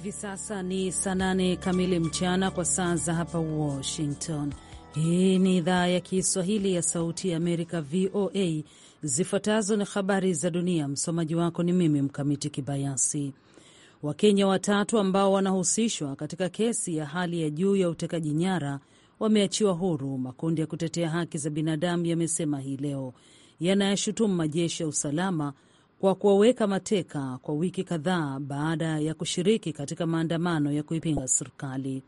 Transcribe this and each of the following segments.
hivi sasa ni saa nane kamili mchana kwa saa za hapa Washington. Hii ni idhaa ya Kiswahili ya Sauti ya Amerika, VOA. Zifuatazo ni habari za dunia. Msomaji wako ni mimi Mkamiti Kibayasi. Wakenya watatu ambao wanahusishwa katika kesi ya hali ya juu ya utekaji nyara wameachiwa huru, makundi ya kutetea haki za binadamu yamesema hii leo, yanayashutumu majeshi ya usalama kwa kuwaweka mateka kwa wiki kadhaa baada ya kushiriki katika maandamano ya kuipinga serikali.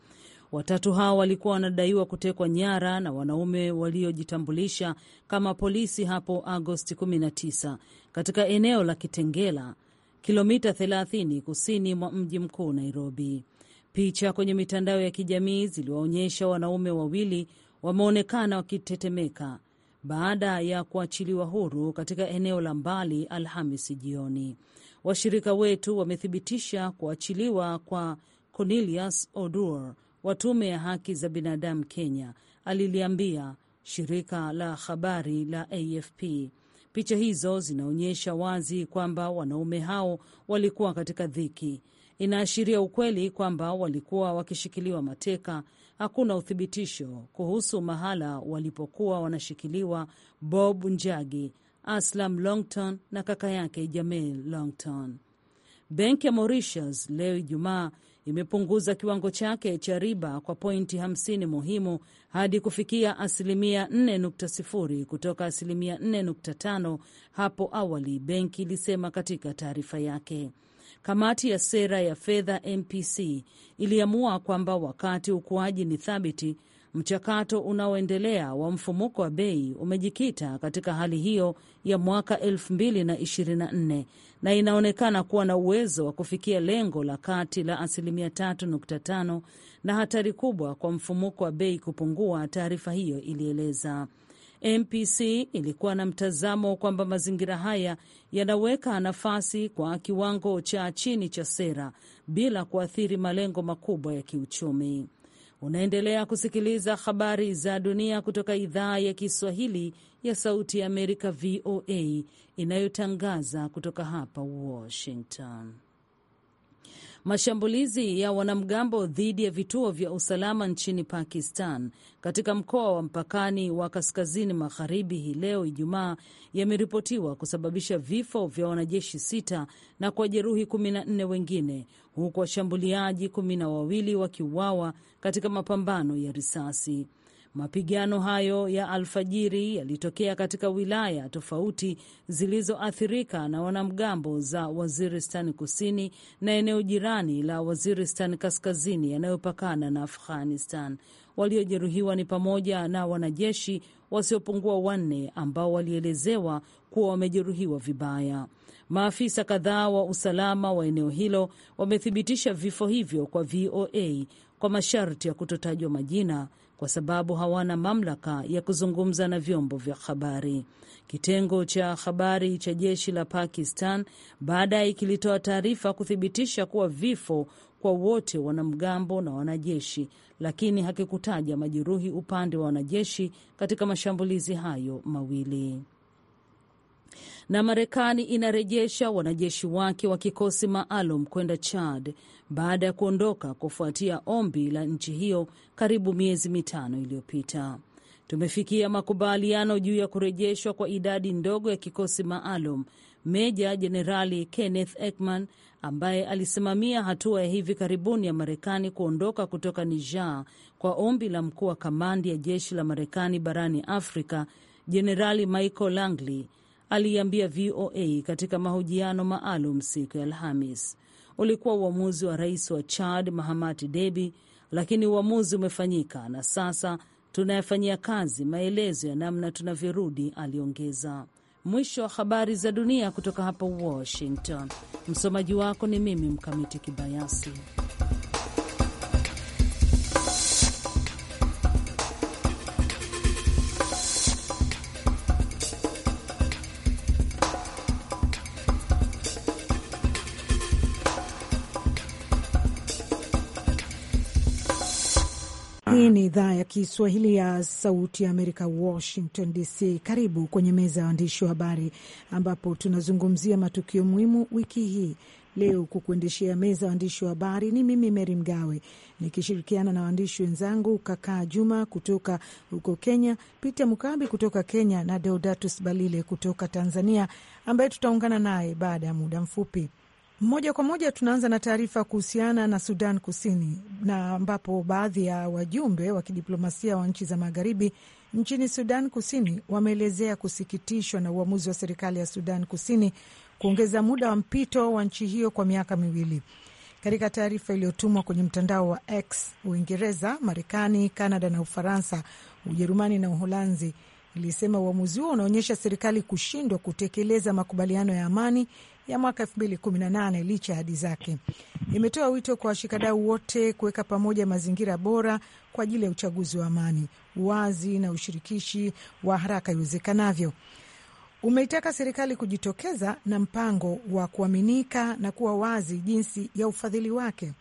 Watatu hao walikuwa wanadaiwa kutekwa nyara na wanaume waliojitambulisha kama polisi hapo Agosti 19 katika eneo la Kitengela, kilomita 30 kusini mwa mji mkuu Nairobi. Picha kwenye mitandao ya kijamii ziliwaonyesha wanaume wawili wameonekana wakitetemeka baada ya kuachiliwa huru katika eneo la mbali Alhamisi jioni. Washirika wetu wamethibitisha kuachiliwa kwa Cornelius Odur wa tume ya haki za binadamu Kenya, aliliambia shirika la habari la AFP. Picha hizo zinaonyesha wazi kwamba wanaume hao walikuwa katika dhiki. Inaashiria ukweli kwamba walikuwa wakishikiliwa mateka hakuna uthibitisho kuhusu mahala walipokuwa wanashikiliwa Bob Njagi, Aslam Longton na kaka yake Jamil Longton. Benki ya Mauritius leo Ijumaa imepunguza kiwango chake cha riba kwa pointi 50 muhimu hadi kufikia asilimia 4.0 kutoka asilimia 4.5 hapo awali, benki ilisema katika taarifa yake. Kamati ya sera ya fedha MPC iliamua kwamba wakati ukuaji ni thabiti, mchakato unaoendelea wa mfumuko wa bei umejikita katika hali hiyo ya mwaka 2024 na inaonekana kuwa na uwezo wa kufikia lengo la kati la asilimia 3.5 na hatari kubwa kwa mfumuko wa bei kupungua, taarifa hiyo ilieleza. MPC ilikuwa na mtazamo kwamba mazingira haya yanaweka nafasi kwa kiwango cha chini cha sera bila kuathiri malengo makubwa ya kiuchumi. Unaendelea kusikiliza habari za dunia kutoka idhaa ya Kiswahili ya Sauti ya Amerika, VOA, inayotangaza kutoka hapa Washington. Mashambulizi ya wanamgambo dhidi ya vituo vya usalama nchini Pakistan katika mkoa wa mpakani wa kaskazini magharibi hii leo Ijumaa yameripotiwa kusababisha vifo vya wanajeshi sita na jeruhi kumi na nne wengine huku washambuliaji kumi na wawili wakiuawa katika mapambano ya risasi. Mapigano hayo ya alfajiri yalitokea katika wilaya tofauti zilizoathirika na wanamgambo za Waziristan kusini na eneo jirani la Waziristan kaskazini yanayopakana na Afghanistan. Waliojeruhiwa ni pamoja na wanajeshi wasiopungua wanne ambao walielezewa kuwa wamejeruhiwa vibaya. Maafisa kadhaa wa usalama wa eneo hilo wamethibitisha vifo hivyo kwa VOA kwa masharti ya kutotajwa majina kwa sababu hawana mamlaka ya kuzungumza na vyombo vya habari. Kitengo cha habari cha jeshi la Pakistan baadaye kilitoa taarifa kuthibitisha kuwa vifo kwa wote wanamgambo na wanajeshi, lakini hakikutaja majeruhi upande wa wanajeshi katika mashambulizi hayo mawili na Marekani inarejesha wanajeshi wake wa kikosi maalum kwenda Chad baada ya kuondoka kufuatia ombi la nchi hiyo karibu miezi mitano iliyopita. Tumefikia makubaliano juu ya kurejeshwa kwa idadi ndogo ya kikosi maalum, Meja Jenerali Kenneth Ekman ambaye alisimamia hatua ya hivi karibuni ya Marekani kuondoka kutoka Niger kwa ombi la mkuu wa kamandi ya jeshi la Marekani barani Afrika, Jenerali Michael Langley aliiambia VOA katika mahojiano maalum siku ya Alhamis. Ulikuwa uamuzi wa rais wa Chad Mahamati Debi, lakini uamuzi umefanyika na sasa tunayafanyia kazi maelezo ya namna tunavyorudi, aliongeza. Mwisho wa habari za dunia kutoka hapa Washington. Msomaji wako ni mimi Mkamiti Kibayasi. idhaa ya Kiswahili ya Sauti ya Amerika, Washington DC. Karibu kwenye meza ya waandishi wa habari ambapo tunazungumzia matukio muhimu wiki hii. Leo kukuendeshea meza waandishi wa habari ni mimi Meri Mgawe nikishirikiana na waandishi wenzangu Kakaa Juma kutoka huko Kenya, Peter Mukambi kutoka Kenya na Deodatus Balile kutoka Tanzania, ambaye tutaungana naye baada ya muda mfupi. Moja kwa moja tunaanza na taarifa kuhusiana na Sudan Kusini, na ambapo baadhi ya wajumbe wa kidiplomasia wa nchi za magharibi nchini Sudan Kusini wameelezea kusikitishwa na uamuzi wa serikali ya Sudan Kusini kuongeza muda wa mpito wa nchi hiyo kwa miaka miwili. Katika taarifa iliyotumwa kwenye mtandao wa X, Uingereza, Marekani, Kanada na Ufaransa, Ujerumani na Uholanzi ilisema uamuzi huo unaonyesha serikali kushindwa kutekeleza makubaliano ya amani ya mwaka 2018 licha ya ahadi zake. Imetoa wito kwa washikadau wote kuweka pamoja mazingira bora kwa ajili ya uchaguzi wa amani, uwazi na ushirikishi wa haraka iwezekanavyo. Umeitaka serikali kujitokeza na mpango wa kuaminika na kuwa wazi jinsi ya ufadhili wake.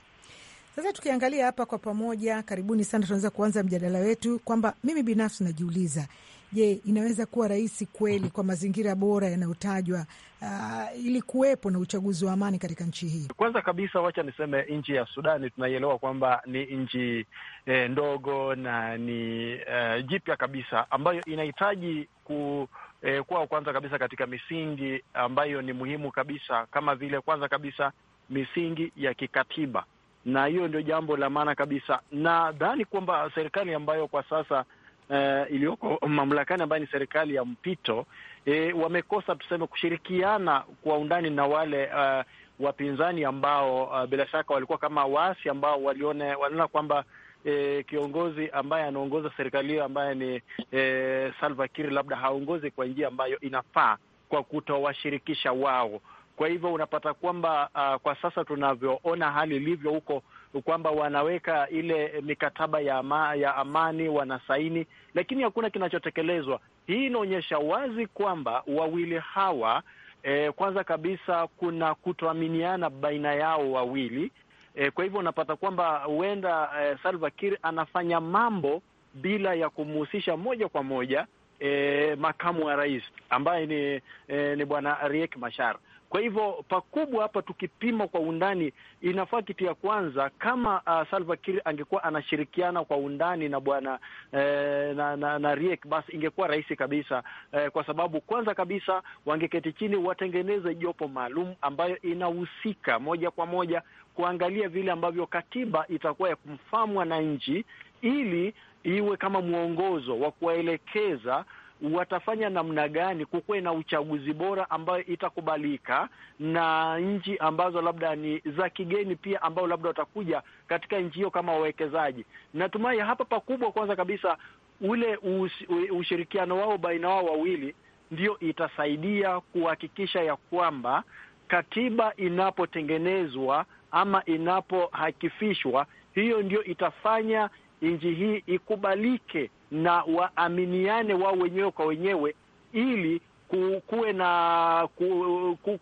Sasa tukiangalia hapa kwa pamoja, karibuni sana, tunaweza kuanza mjadala wetu kwamba mimi binafsi najiuliza Je, inaweza kuwa rahisi kweli kwa mazingira bora yanayotajwa uh, ili kuwepo na uchaguzi wa amani katika nchi hii? Kwanza kabisa, wacha niseme nchi ya Sudani tunaielewa kwamba ni nchi eh, ndogo na ni eh, jipya kabisa ambayo inahitaji ku eh, kuwa kwanza kabisa katika misingi ambayo ni muhimu kabisa, kama vile kwanza kabisa misingi ya kikatiba, na hiyo ndio jambo la maana kabisa. Nadhani kwamba serikali ambayo kwa sasa uh, iliyoko mamlakani ambayo ni serikali ya mpito e, wamekosa tuseme kushirikiana kwa undani na wale uh, wapinzani ambao uh, bila shaka walikuwa kama waasi ambao walione waliona kwamba E, kiongozi ambaye anaongoza serikali hiyo ambaye ni e, Salva Kiir labda haongozi kwa njia ambayo inafaa kwa kutowashirikisha wao. Kwa hivyo unapata kwamba uh, kwa sasa tunavyoona hali ilivyo huko kwamba wanaweka ile mikataba ya, ama, ya amani wanasaini, lakini hakuna kinachotekelezwa. Hii inaonyesha wazi kwamba wawili hawa e, kwanza kabisa kuna kutoaminiana baina yao wawili e, kwa hivyo unapata kwamba huenda e, Salva Kiir anafanya mambo bila ya kumhusisha moja kwa moja e, makamu wa rais ambaye ni, e, ni bwana Riek Machar. Kwa hivyo pakubwa hapa, tukipima kwa undani, inafaa kitu ya kwanza, kama uh, Salva Kiir angekuwa anashirikiana kwa undani na bwana eh, na, na, na Riek, basi ingekuwa rahisi kabisa eh, kwa sababu kwanza kabisa wangeketi chini, watengeneze jopo maalum ambayo inahusika moja kwa moja kuangalia vile ambavyo katiba itakuwa ya kumfaa mwananchi ili iwe kama mwongozo wa kuwaelekeza watafanya namna gani kukuwe na uchaguzi bora ambayo itakubalika na nchi ambazo labda ni za kigeni pia, ambao labda watakuja katika nchi hiyo kama wawekezaji. Natumai hapa pakubwa, kwanza kabisa, ule ushirikiano wao baina wao wawili ndio itasaidia kuhakikisha ya kwamba katiba inapotengenezwa ama inapohakifishwa, hiyo ndio itafanya nchi hii ikubalike na waaminiane wao wenyewe kwa wenyewe ili kuwe na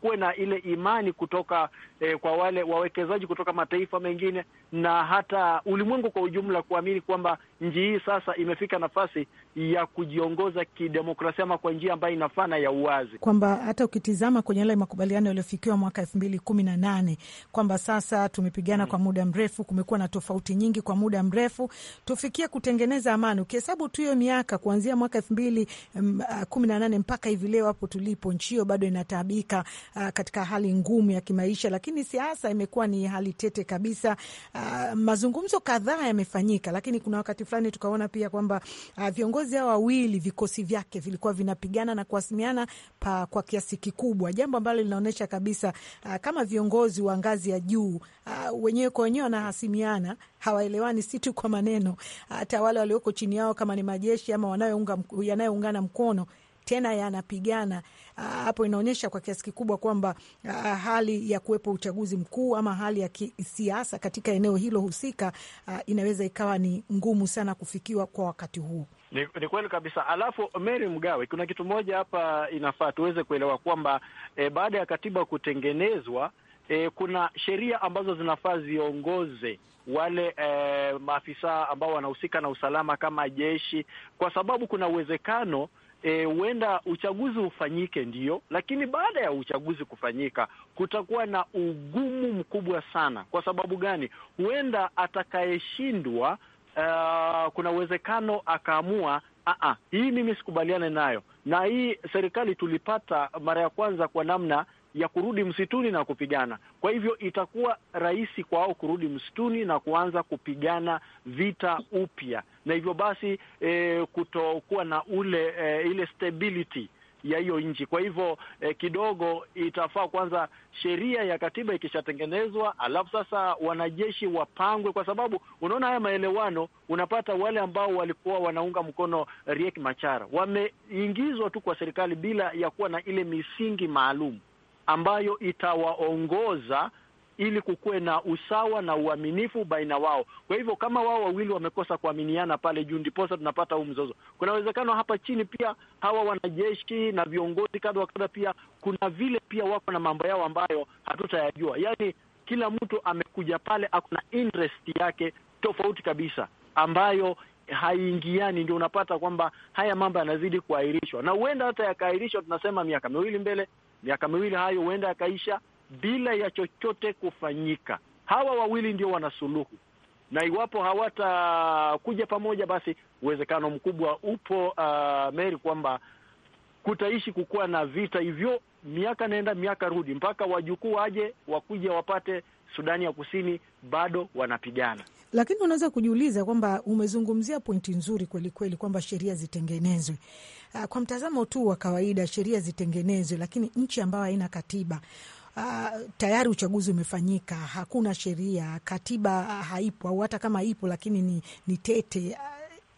kuwe na ile imani kutoka eh, kwa wale wawekezaji kutoka mataifa mengine na hata ulimwengu kwa ujumla kuamini kwamba nchi hii sasa imefika nafasi ya kujiongoza kidemokrasia ama kwa njia ambayo inafaa na ya uwazi, kwamba hata ukitizama kwenye yale makubaliano yaliyofikiwa mwaka elfu mbili kumi na nane kwamba sasa tumepigana mm, kwa muda mrefu, kumekuwa na tofauti nyingi kwa muda mrefu, tufikie kutengeneza amani. Ukihesabu tu hiyo miaka kuanzia mwaka elfu mbili mm, ah, kumi na nane mpaka hivi leo hapo tulipo, nchi hiyo bado inataabika ah, katika hali ngumu ya kimaisha, lakini lakini siasa imekuwa ni hali tete kabisa. Uh, mazungumzo kadhaa yamefanyika, lakini kuna wakati fulani tukaona pia kwamba uh, viongozi hao wawili vikosi vyake vilikuwa vinapigana na kuasimiana pa, kwa kiasi kikubwa, jambo ambalo linaonyesha kabisa uh, kama viongozi wa ngazi ya juu uh, wenyewe kwa wenyewe wanahasimiana, hawaelewani, si tu kwa maneno, hata wale walioko chini yao kama ni majeshi ama yanayoungana mkono tena yanapigana ah, hapo. Inaonyesha kwa kiasi kikubwa kwamba ah, hali ya kuwepo uchaguzi mkuu ama hali ya kisiasa katika eneo hilo husika ah, inaweza ikawa ni ngumu sana kufikiwa kwa wakati huu. Ni, ni kweli kabisa. Alafu Mary Mgawe, kuna kitu moja hapa inafaa tuweze kuelewa kwamba e, baada ya katiba kutengenezwa e, kuna sheria ambazo zinafaa ziongoze wale e, maafisa ambao wanahusika na usalama kama jeshi, kwa sababu kuna uwezekano E, huenda e, uchaguzi ufanyike ndiyo, lakini baada ya uchaguzi kufanyika kutakuwa na ugumu mkubwa sana. Kwa sababu gani? Huenda atakayeshindwa, uh, kuna uwezekano akaamua hii mimi sikubaliane nayo na hii serikali tulipata mara ya kwanza kwa namna ya kurudi msituni na kupigana. Kwa hivyo itakuwa rahisi kwao kurudi msituni na kuanza kupigana vita upya, na hivyo basi e, kutokuwa na ule e, ile stability ya hiyo nchi. Kwa hivyo eh, kidogo itafaa kwanza sheria ya katiba ikishatengenezwa, alafu sasa wanajeshi wapangwe, kwa sababu unaona haya maelewano, unapata wale ambao walikuwa wanaunga mkono Riek Machar wameingizwa tu kwa serikali bila ya kuwa na ile misingi maalum ambayo itawaongoza ili kukuwe na usawa na uaminifu baina wao. Kwa hivyo kama wao wawili wamekosa kuaminiana pale juu, ndiposa tunapata huu mzozo. Kuna uwezekano hapa chini pia hawa wanajeshi na viongozi kadha wa kadha, pia kuna vile pia wako na mambo yao ambayo hatutayajua. Yaani kila mtu amekuja pale ako na interest yake tofauti kabisa ambayo haiingiani, ndio unapata kwamba haya mambo yanazidi kuahirishwa, na huenda hata yakaahirishwa, tunasema miaka miwili mbele, miaka miwili hayo huenda yakaisha bila ya chochote kufanyika. Hawa wawili ndio wana suluhu, na iwapo hawatakuja pamoja, basi uwezekano mkubwa upo uh, Meri, kwamba kutaishi kukuwa na vita hivyo miaka naenda miaka rudi, mpaka wajukuu waje wakuja wapate Sudani ya Kusini bado wanapigana. Lakini unaweza kujiuliza kwamba umezungumzia pointi nzuri kwelikweli kweli, kwamba sheria zitengenezwe ah, kwa mtazamo tu wa kawaida, sheria zitengenezwe, lakini nchi ambayo haina katiba Uh, tayari uchaguzi umefanyika, hakuna sheria, katiba uh, haipo, au hata kama ipo lakini ni, ni tete.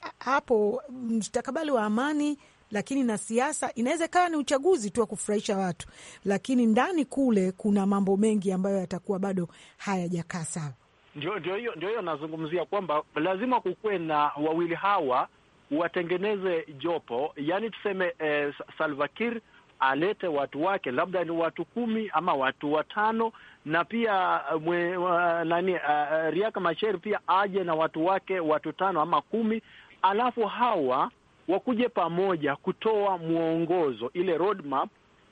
Uh, hapo mstakabali wa amani lakini na siasa inaweza ikawa ni uchaguzi tu wa kufurahisha watu, lakini ndani kule kuna mambo mengi ambayo yatakuwa bado hayajakaa sawa. Ndio, ndio hiyo, ndio hiyo nazungumzia kwamba lazima kukuwe na wawili hawa watengeneze jopo, yaani tuseme eh, Salva Kiir alete watu wake, labda ni watu kumi ama watu watano, na pia eh, mwe, wa, nani uh, Riek Machar pia aje na watu wake watu tano ama kumi, alafu hawa wakuje pamoja kutoa mwongozo, ile roadmap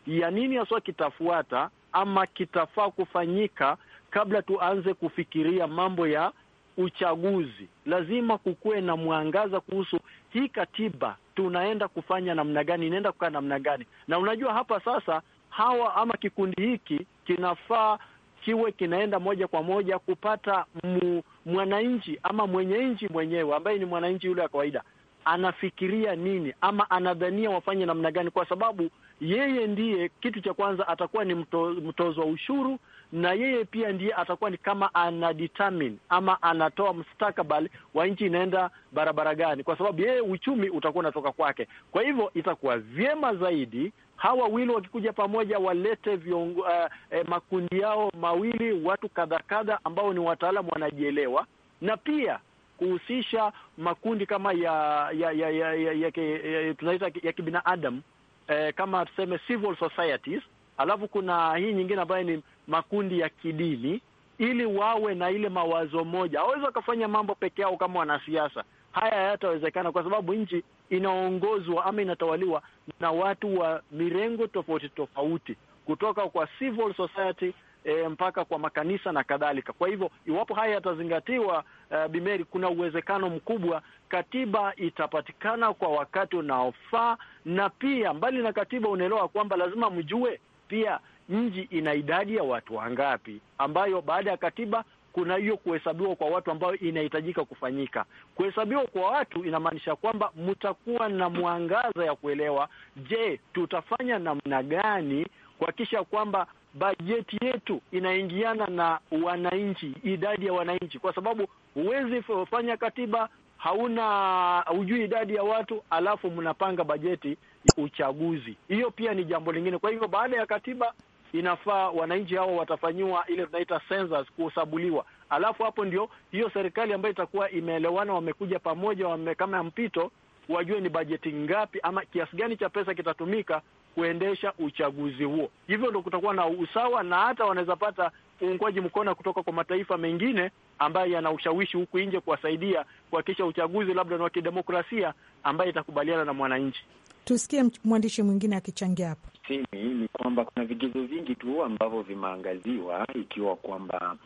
ya nini haswa kitafuata ama kitafaa kufanyika kabla tuanze kufikiria mambo ya uchaguzi, lazima kukuwe na mwangaza kuhusu hii katiba tunaenda kufanya namna gani, inaenda kukaa namna gani. Na unajua hapa sasa, hawa ama kikundi hiki kinafaa kiwe kinaenda moja kwa moja kupata mu, mwananchi ama mwenye nchi mwenyewe ambaye ni mwananchi yule wa kawaida, anafikiria nini ama anadhania wafanye namna gani, kwa sababu yeye ndiye kitu cha kwanza atakuwa ni mto, mtozwa ushuru, na yeye pia ndiye atakuwa ni kama ana determine ama anatoa mustakabali wa nchi inaenda barabara gani, kwa sababu yeye uchumi utakuwa unatoka kwake. Kwa hivyo itakuwa vyema zaidi hawa wawili wakikuja pamoja walete viongo, uh, eh, makundi yao mawili watu kadha kadha ambao ni wataalam wanajielewa, na pia kuhusisha makundi kama ya ya ya, ya, ya, ya, ya, ya, ya, ya, ya kibinadamu eh, kama tuseme civil societies, alafu kuna hii nyingine ambayo ni makundi ya kidini, ili wawe na ile mawazo moja. Hawawezi wakafanya mambo peke yao kama wanasiasa, haya hayatawezekana, kwa sababu nchi inaongozwa ama inatawaliwa na watu wa mirengo tofauti tofauti kutoka kwa civil society e, mpaka kwa makanisa na kadhalika. Kwa hivyo iwapo haya yatazingatiwa, uh, e, Bimeri, kuna uwezekano mkubwa katiba itapatikana kwa wakati unaofaa, na pia mbali na katiba, unaelewa kwamba lazima mjue pia nchi ina idadi ya watu wangapi, ambayo baada ya katiba kuna hiyo kuhesabiwa kwa watu ambayo inahitajika kufanyika. Kuhesabiwa kwa watu inamaanisha kwamba mtakuwa na mwangaza ya kuelewa, je, tutafanya namna gani kuhakikisha kwamba bajeti yetu inaingiana na wananchi, idadi ya wananchi, kwa sababu huwezi fanya katiba hauna hujui idadi ya watu, alafu mnapanga bajeti ya uchaguzi. Hiyo pia ni jambo lingine. Kwa hivyo baada ya katiba inafaa wananchi hao watafanyiwa ile tunaita census, kusabuliwa, alafu hapo ndio hiyo serikali ambayo itakuwa imeelewana, wamekuja pamoja, wame kama mpito, wajue ni bajeti ngapi ama kiasi gani cha pesa kitatumika kuendesha uchaguzi huo. Hivyo ndo kutakuwa na usawa na hata wanaweza pata uungwaji mkono kutoka kwa mataifa mengine ambayo yana ushawishi huku nje kuwasaidia kuhakikisha uchaguzi labda ni wa kidemokrasia ambaye itakubaliana na mwananchi. Tusikie mwandishi mwingine akichangia hapa. Sini ni kwamba kuna vigezo vingi tu ambavyo vimeangaziwa, ikiwa kwamba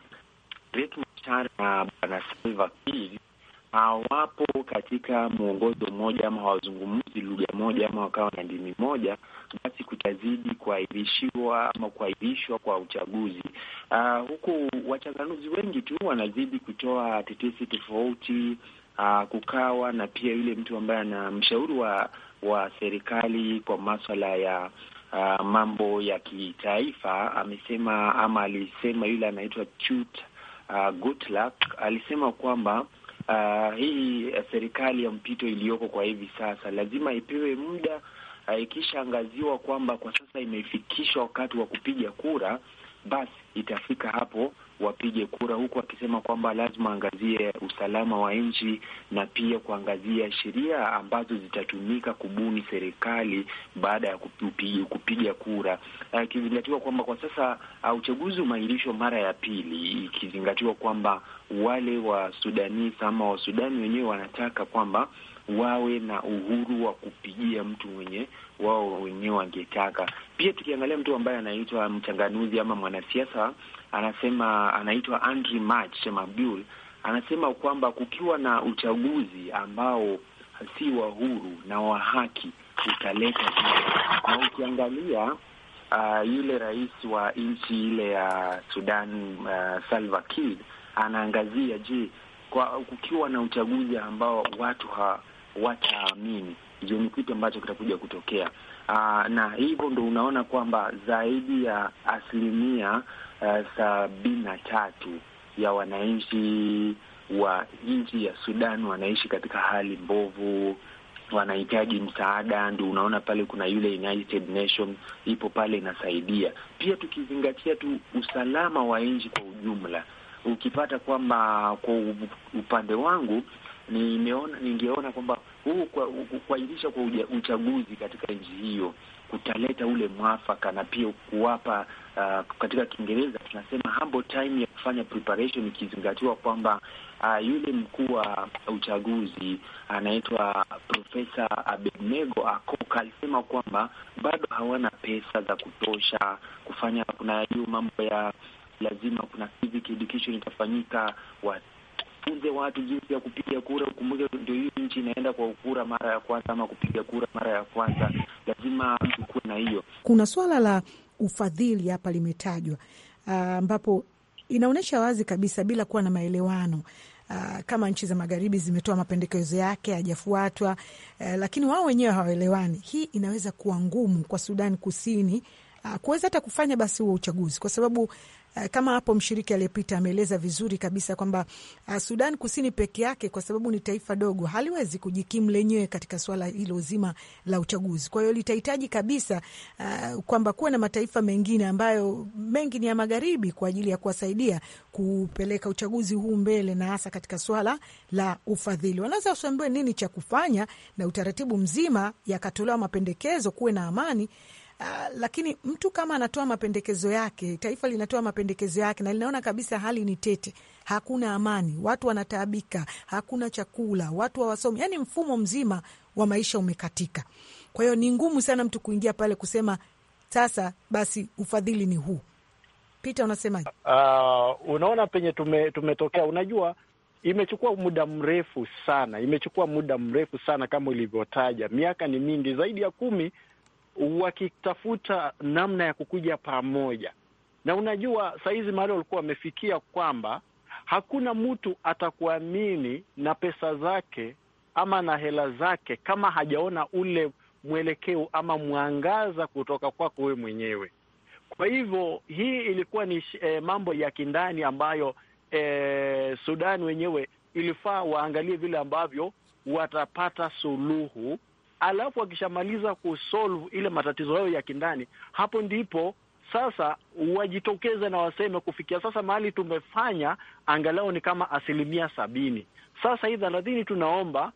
Riek Machar na bwana Salva Kiir hawapo katika mwongozo mmoja ama hawazungumzi lugha moja ama wakawa na dini moja, basi kutazidi kuahirishiwa ama kuahirishwa kwa uchaguzi. Uh, huku wachanganuzi wengi tu wanazidi kutoa tetesi tofauti. Uh, kukawa na pia yule mtu ambaye ana mshauri wa wa serikali kwa maswala ya uh, mambo ya kitaifa amesema ama alisema, yule anaitwa Chut uh, alisema kwamba uh, hii eh, serikali ya mpito iliyoko kwa hivi sasa lazima ipewe muda ah, ikishaangaziwa kwamba kwa sasa imefikishwa wakati wa kupiga kura basi itafika hapo wapige kura, huku akisema kwamba lazima angazie usalama wa nchi na pia kuangazia sheria ambazo zitatumika kubuni serikali baada ya kupiga kura, ah, ikizingatiwa kwamba kwa sasa uchaguzi umeahirishwa mara ya pili, ikizingatiwa kwamba wale wa sudanis ama Wasudani wenyewe wanataka kwamba wawe na uhuru wa kupigia mtu mwenye wao wenyewe wangetaka. Pia tukiangalia mtu ambaye anaitwa mchanganuzi ama mwanasiasa anasema, anaitwa Andri Mach Mabul, anasema kwamba kukiwa na uchaguzi ambao si wa huru na wa haki utaleta na ukiangalia Uh, yule rais wa nchi ile ya uh, Sudan uh, Salva Kiir anaangazia, je, kwa kukiwa na uchaguzi ambao watu ha, wataamini. hiyo ni kitu ambacho kitakuja kutokea? Aa, ah, na hivyo ndo unaona kwamba zaidi ya asilimia uh, sabini na tatu ya wananchi wa nchi ya Sudan wanaishi katika hali mbovu, wanahitaji msaada. Ndio unaona pale kuna yule United Nations ipo pale inasaidia pia, tukizingatia tu usalama wa nchi kwa ujumla, ukipata kwamba kwa upande wangu nimeona ningeona kwamba huu kuahirisha kwa, kwa uchaguzi katika nchi hiyo kutaleta ule mwafaka na pia kuwapa uh, katika Kiingereza tunasema humble time ya kufanya preparation, ikizingatiwa kwamba uh, yule mkuu wa uchaguzi anaitwa Profesa Abednego Akoka alisema kwamba bado hawana pesa za kutosha kufanya, kuna hiyo mambo ya lazima kuna civic education itafanyika, wafunze watu jinsi ya kupiga kura. Ukumbuke ndio hii nchi inaenda kwa kura mara ya kwanza ama kupiga kura mara ya kwanza, lazima mtu kuwe na hiyo. Kuna swala la ufadhili hapa limetajwa, ah, ambapo uh, inaonyesha wazi kabisa bila kuwa na maelewano Uh, kama nchi za magharibi zimetoa mapendekezo yake hajafuatwa, uh, eh, lakini wao wenyewe hawaelewani. Hii inaweza kuwa ngumu kwa Sudan Kusini uh, kuweza hata kufanya basi huo uchaguzi, kwa sababu Eh, kama hapo mshiriki aliyepita ameeleza vizuri kabisa kwamba eh, Sudan Kusini peke yake, kwa sababu ni taifa dogo, haliwezi kujikimu lenyewe katika swala hilo zima la uchaguzi. Kwa hiyo litahitaji kabisa uh, kwamba kuwe na mataifa mengine ambayo mengi ni ya magharibi kwa ajili ya kuwasaidia kupeleka uchaguzi huu mbele, na hasa katika swala la ufadhili. Wanaweza wasiambiwe nini cha kufanya na utaratibu mzima, yakatolewa mapendekezo, kuwe na amani Ah, lakini mtu kama anatoa mapendekezo yake, taifa linatoa mapendekezo yake na linaona kabisa hali ni tete, hakuna amani, watu wanataabika, hakuna chakula, watu hawasomi, yani mfumo mzima wa maisha umekatika. Kwa hiyo ni ngumu sana mtu kuingia pale kusema sasa basi ufadhili ni huu. Peter, unasemaje? Uh, unaona penye tume, tumetokea. Unajua, imechukua muda mrefu sana, imechukua muda mrefu sana kama ulivyotaja, miaka ni mingi zaidi ya kumi wakitafuta namna ya kukuja pamoja. Na unajua sahizi mahali walikuwa wamefikia kwamba hakuna mtu atakuamini na pesa zake ama na hela zake kama hajaona ule mwelekeo ama mwangaza kutoka kwako wewe mwenyewe. Kwa hivyo hii ilikuwa ni e, mambo ya kindani ambayo e, eh, Sudani wenyewe ilifaa waangalie vile ambavyo watapata suluhu alafu akishamaliza kusolve ile matatizo hayo ya kindani, hapo ndipo sasa wajitokeze na waseme, kufikia sasa mahali tumefanya angalau ni kama asilimia sabini. Sasa hii thelathini tunaomba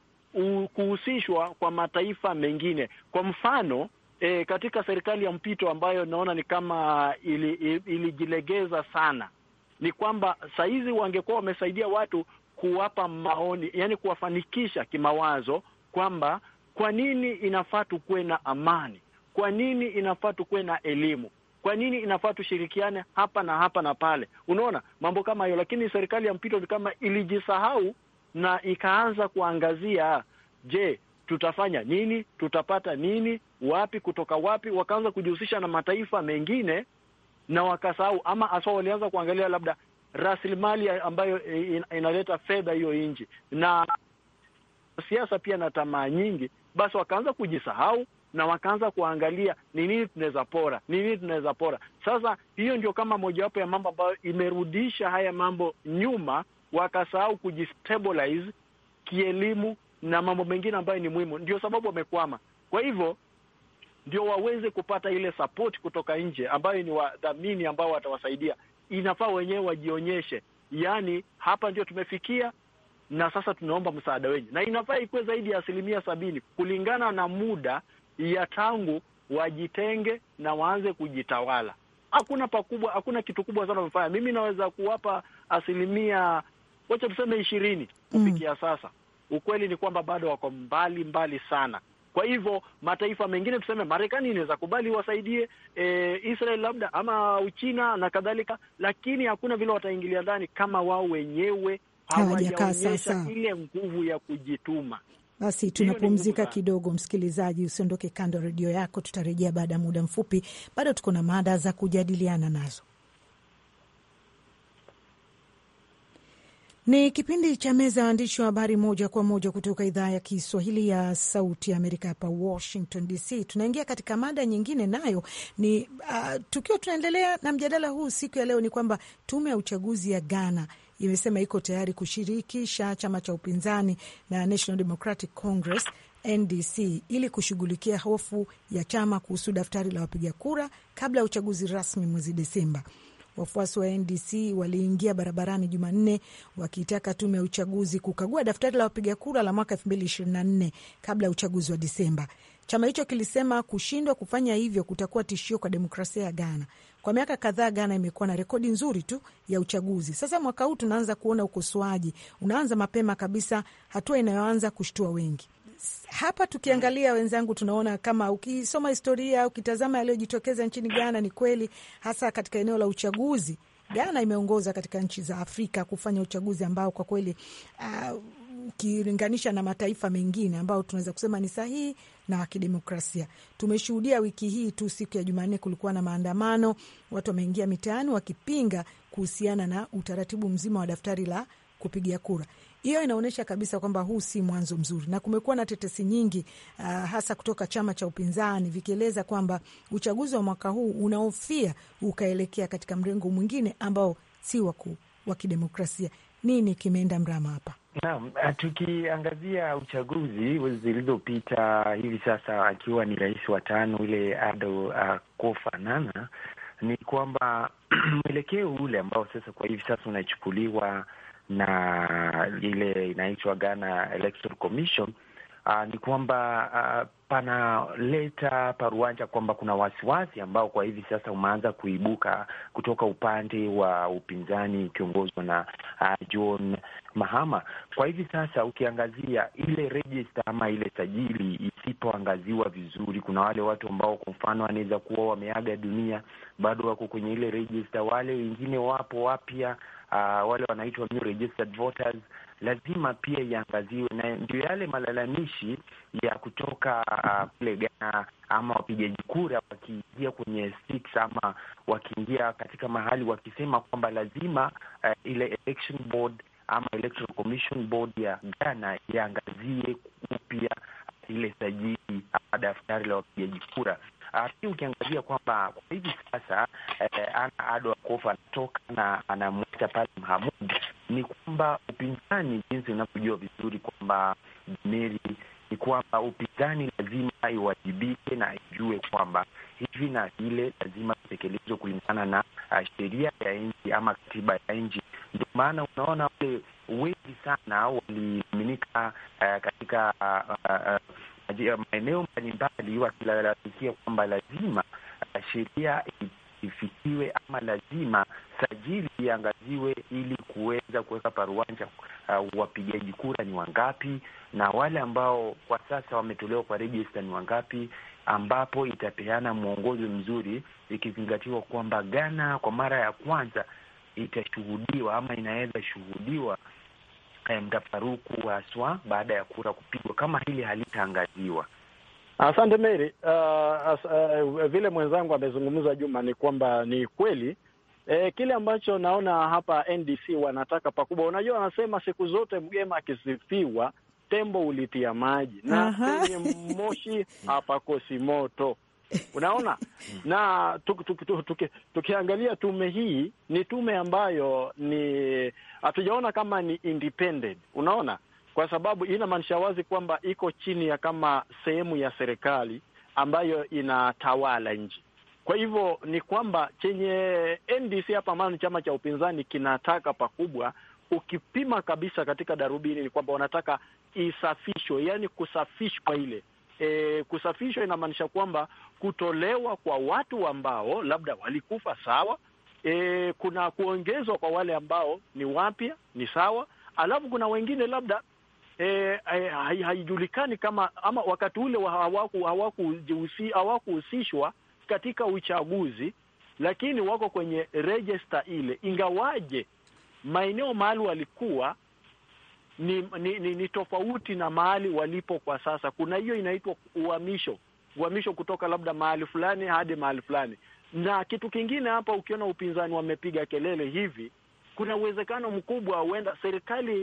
kuhusishwa kwa mataifa mengine. Kwa mfano e, katika serikali ya mpito ambayo naona ni kama ilijilegeza ili sana, ni kwamba sahizi wangekuwa wamesaidia watu kuwapa maoni, yani kuwafanikisha kimawazo kwamba kwa nini inafaa tukuwe na amani? Kwa nini inafaa tukuwe na elimu? Kwa nini inafaa tushirikiane hapa na hapa na pale? Unaona mambo kama hiyo lakini serikali ya mpito ni kama ilijisahau na ikaanza kuangazia, je, tutafanya nini? Tutapata nini? Wapi kutoka wapi? Wakaanza kujihusisha na mataifa mengine na wakasahau ama aswa walianza kuangalia labda rasilimali ambayo eh, inaleta fedha hiyo nchi, na siasa pia na tamaa nyingi basi wakaanza kujisahau na wakaanza kuangalia ni nini tunaweza pora, ni nini tunaweza pora. Sasa hiyo ndio kama mojawapo ya mambo ambayo imerudisha haya mambo nyuma, wakasahau kujistabilize kielimu na mambo mengine ambayo ni muhimu, ndio sababu wamekwama. Kwa hivyo ndio waweze kupata ile support kutoka nje, ambayo ni wadhamini ambao watawasaidia. Inafaa wenyewe wajionyeshe, yaani hapa ndio tumefikia, na sasa tunaomba msaada wenyu, na inafaa ikuwe zaidi ya asilimia sabini kulingana na muda ya tangu wajitenge na waanze kujitawala. Hakuna pakubwa, hakuna kitu kubwa sana wamefanya. Mimi naweza kuwapa asilimia, wacha tuseme ishirini kufikia mm. sasa. Ukweli ni kwamba bado wako mbali mbali sana. Kwa hivyo mataifa mengine tuseme Marekani inaweza kubali wasaidie e, Israel labda ama Uchina na kadhalika, lakini hakuna vile wataingilia ndani kama wao wenyewe hawajakaa sasa ile nguvu ya kujituma. Basi tunapumzika kidogo, msikilizaji, usiondoke kando ya redio yako, tutarejea baada ya muda mfupi. Bado tuko na mada za kujadiliana nazo. Ni kipindi cha meza ya waandishi wa habari moja kwa moja kutoka idhaa ya Kiswahili ya Sauti ya Amerika hapa Washington DC. Tunaingia katika mada nyingine, nayo ni uh, tukiwa tunaendelea na mjadala huu siku ya leo, ni kwamba tume ya uchaguzi ya Ghana imesema iko tayari kushirikisha chama cha upinzani na National Democratic Congress NDC ili kushughulikia hofu ya chama kuhusu daftari la wapiga kura kabla ya uchaguzi rasmi mwezi Desemba. Wafuasi wa NDC waliingia barabarani Jumanne wakitaka tume ya uchaguzi kukagua daftari la wapiga kura la mwaka 2024 kabla ya uchaguzi wa Disemba. Chama hicho kilisema kushindwa kufanya hivyo kutakuwa tishio kwa demokrasia ya Ghana. Kwa miaka kadhaa Ghana imekuwa na rekodi nzuri tu ya uchaguzi. Sasa mwaka huu tunaanza kuona ukosoaji unaanza mapema kabisa, hatua inayoanza kushtua wengi hapa tukiangalia wenzangu, tunaona kama ukisoma historia, ukitazama yaliyojitokeza nchini Ghana, ni kweli hasa katika eneo la uchaguzi, Ghana imeongoza katika nchi za Afrika kufanya uchaguzi ambao kwa kweli uh, ukilinganisha na mataifa mengine ambayo tunaweza kusema ni sahihi na wa kidemokrasia. Tumeshuhudia wiki hii tu, siku ya Jumanne kulikuwa na maandamano, watu wameingia mitaani wakipinga kuhusiana na utaratibu mzima wa daftari la kupiga kura. Hiyo inaonyesha kabisa kwamba huu si mwanzo mzuri, na kumekuwa na tetesi nyingi uh, hasa kutoka chama cha upinzani vikieleza kwamba uchaguzi wa mwaka huu unaofia ukaelekea katika mrengo mwingine ambao si wa kidemokrasia. Nini kimeenda mrama hapa? Naam, eh, tukiangazia uchaguzi zilizopita hivi sasa, akiwa ni rais wa tano ile Ado uh, kofanana ni kwamba mwelekeo ule ambao sasa kwa hivi sasa unachukuliwa na ile inaitwa Ghana Electoral Commission uh, ni kwamba uh, panaleta paruanja kwamba kuna wasiwasi ambao kwa hivi sasa umeanza kuibuka kutoka upande wa upinzani ukiongozwa na uh, John Mahama. Kwa hivi sasa ukiangazia ile rejista ama ile sajili isipoangaziwa vizuri, kuna wale watu ambao kwa mfano wanaweza kuwa wameaga dunia, bado wako kwenye ile rejista, wale wengine wapo wapya uh, wale wanaitwa new registered voters lazima pia iangaziwe, na ndio yale malalamishi ya kutoka ah, kule uh, Ghana ama wapigaji kura wakiingia kwenye sticks ama wakiingia katika mahali wakisema kwamba lazima uh, ile election board ama electoral commission board ya Ghana iangazie upya ile sajili ama daftari la wapigaji kura. Ah, pia ukiangazia kwamba kwa hivi sasa eh, ana Ado Akufo anatoka na anamu pale Mahamud ni kwamba upinzani, jinsi unavyojua vizuri kwamba Meri, ni kwamba upinzani lazima iwajibike na ijue kwamba hivi na vile lazima itekelezwe kulingana na ah, sheria ya nchi ama katiba ya nchi. Ndio maana unaona wale wengi sana waliaminika uh, katika uh, uh, maeneo mbalimbali wakilalamikia kwamba lazima uh, sheria ifikiwe ama lazima iangaziwe ili kuweza kuweka paruanja uh, wapigaji kura ni wangapi na wale ambao kwa sasa wametolewa kwa rejista ni wangapi, ambapo itapeana mwongozo mzuri ikizingatiwa kwamba Ghana kwa mara ya kwanza itashuhudiwa ama inaweza shuhudiwa eh, mtafaruku haswa baada ya kura kupigwa kama hili halitaangaziwa. Asante Mary. Uh, as, uh, vile mwenzangu amezungumza Juma, ni kwamba ni kweli E, kile ambacho naona hapa NDC wanataka pakubwa, unajua wanasema siku zote mgema akisifiwa tembo ulitia maji na kwenye moshi hapakosi moto. Unaona, na tuki, tuki, tuki, tukiangalia tume hii ni tume ambayo ni hatujaona kama ni independent, unaona, kwa sababu inamaanisha wazi kwamba iko chini ya kama sehemu ya serikali ambayo inatawala nchi. Kwa hivyo ni kwamba chenye NDC hapa maana ni chama cha upinzani kinataka pakubwa, ukipima kabisa katika darubini ni kwamba wanataka isafishwe, yani kusafishwa ile E, kusafishwa inamaanisha kwamba kutolewa kwa watu ambao labda walikufa sawa. E, kuna kuongezwa kwa wale ambao ni wapya ni sawa, alafu kuna wengine labda e, e haijulikani kama ama wakati ule hawakuhusishwa katika uchaguzi, lakini wako kwenye rejista ile, ingawaje maeneo mahali walikuwa ni, ni, ni, ni tofauti na mahali walipo kwa sasa. Kuna hiyo inaitwa uhamisho, uhamisho kutoka labda mahali fulani hadi mahali fulani. Na kitu kingine hapa, ukiona upinzani wamepiga kelele hivi, kuna uwezekano mkubwa huenda serikali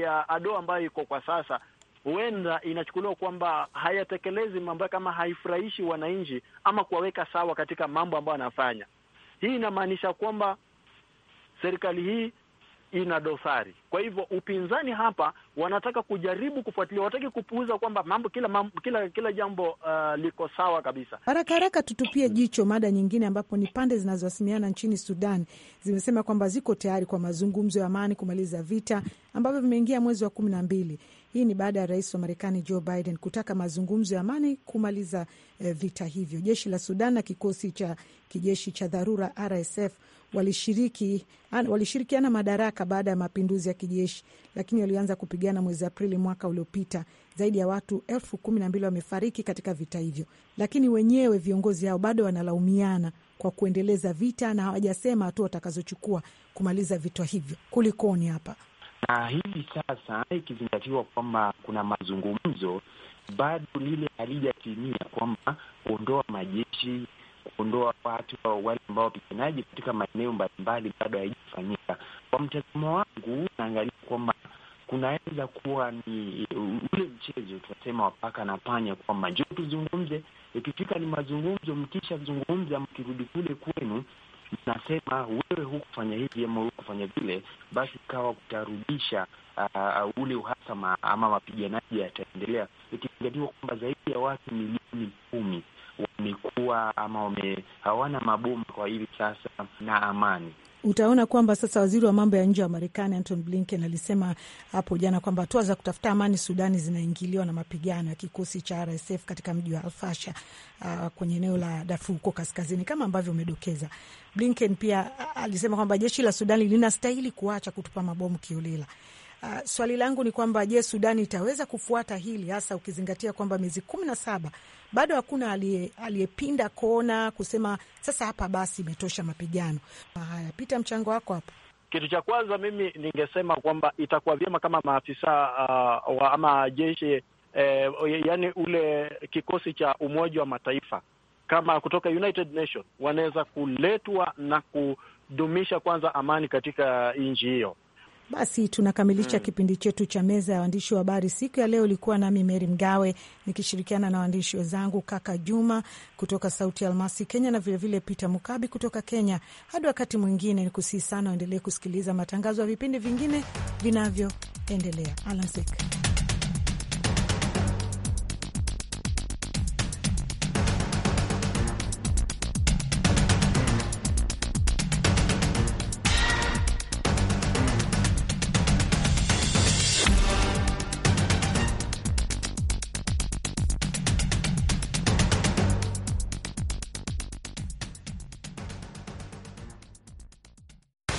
ya ado ambayo iko kwa sasa huenda inachukuliwa kwamba hayatekelezi mambo kama haifurahishi wananchi ama kuwaweka sawa katika mambo ambayo anafanya. Hii inamaanisha kwamba serikali hii ina dosari. Kwa hivyo upinzani hapa wanataka kujaribu kufuatilia, wataki kupuuza kwamba mambo kila mambo, kila kila jambo uh, liko sawa kabisa. Haraka haraka tutupie jicho mada nyingine, ambapo ni pande zinazohasimiana nchini Sudan zimesema kwamba ziko tayari kwa mazungumzo ya amani kumaliza vita ambavyo vimeingia mwezi wa kumi na mbili. Hii ni baada ya rais wa Marekani Joe Biden kutaka mazungumzo ya amani kumaliza eh, vita hivyo. Jeshi la Sudan na kikosi cha kijeshi cha dharura RSF walishiriki walishirikiana madaraka baada ya mapinduzi ya kijeshi, lakini walianza kupigana mwezi Aprili mwaka uliopita. Zaidi ya watu elfu kumi na mbili wamefariki katika vita hivyo, lakini wenyewe viongozi hao bado wanalaumiana kwa kuendeleza vita na hawajasema hatua watakazochukua kumaliza vita hivyo. Kulikoni hapa? na hivi sasa ikizingatiwa kwamba kuna mazungumzo bado lile halijatimia kwamba kuondoa majeshi, kuondoa watu wale ambao wapiganaji katika maeneo mbalimbali bado haijafanyika. Kwa mtazamo wangu, naangalia kwamba kunaweza kuwa ni ule mchezo tunasema wapaka na panya, kwamba njoo tuzungumze, ikifika ni mazungumzo, mkisha zungumza, mkirudi kule kwenu nasema wewe hukufanya hivi ama hukufanya vile, basi ikawa kutarudisha uh, ule uhasama ama mapiganaji yataendelea, ikizingatiwa kwamba zaidi ya watu milioni kumi wamekuwa ama wame, hawana mabomu kwa hivi sasa na amani utaona kwamba sasa waziri wa mambo ya nje wa Marekani Anton Blinken alisema hapo jana kwamba hatua za kutafuta amani Sudani zinaingiliwa na mapigano ya kikosi cha RSF katika mji wa Alfasha uh, kwenye eneo la dafu huko kaskazini kama ambavyo umedokeza. Blinken pia alisema kwamba jeshi la Sudani linastahili kuacha kutupa mabomu kiolela. Uh, swali langu ni kwamba je, Sudani itaweza kufuata hili hasa ukizingatia kwamba miezi kumi na saba bado hakuna aliyepinda kona kusema sasa hapa basi imetosha mapigano haya. Pita mchango wako hapo. Kitu cha kwanza mimi ningesema kwamba itakuwa vyema kama maafisa uh, wa ama jeshi eh, yani ule kikosi cha Umoja wa Mataifa kama kutoka United Nations wanaweza kuletwa na kudumisha kwanza amani katika nchi hiyo basi tunakamilisha mm, kipindi chetu cha meza ya waandishi wa habari siku ya leo. Ulikuwa nami Meri Mgawe nikishirikiana na waandishi wenzangu Kaka Juma kutoka Sauti ya Almasi Kenya na vilevile Peter Mukabi kutoka Kenya. Hadi wakati mwingine, ni kusihi sana waendelee kusikiliza matangazo ya vipindi vingine vinavyoendelea. Alamsik.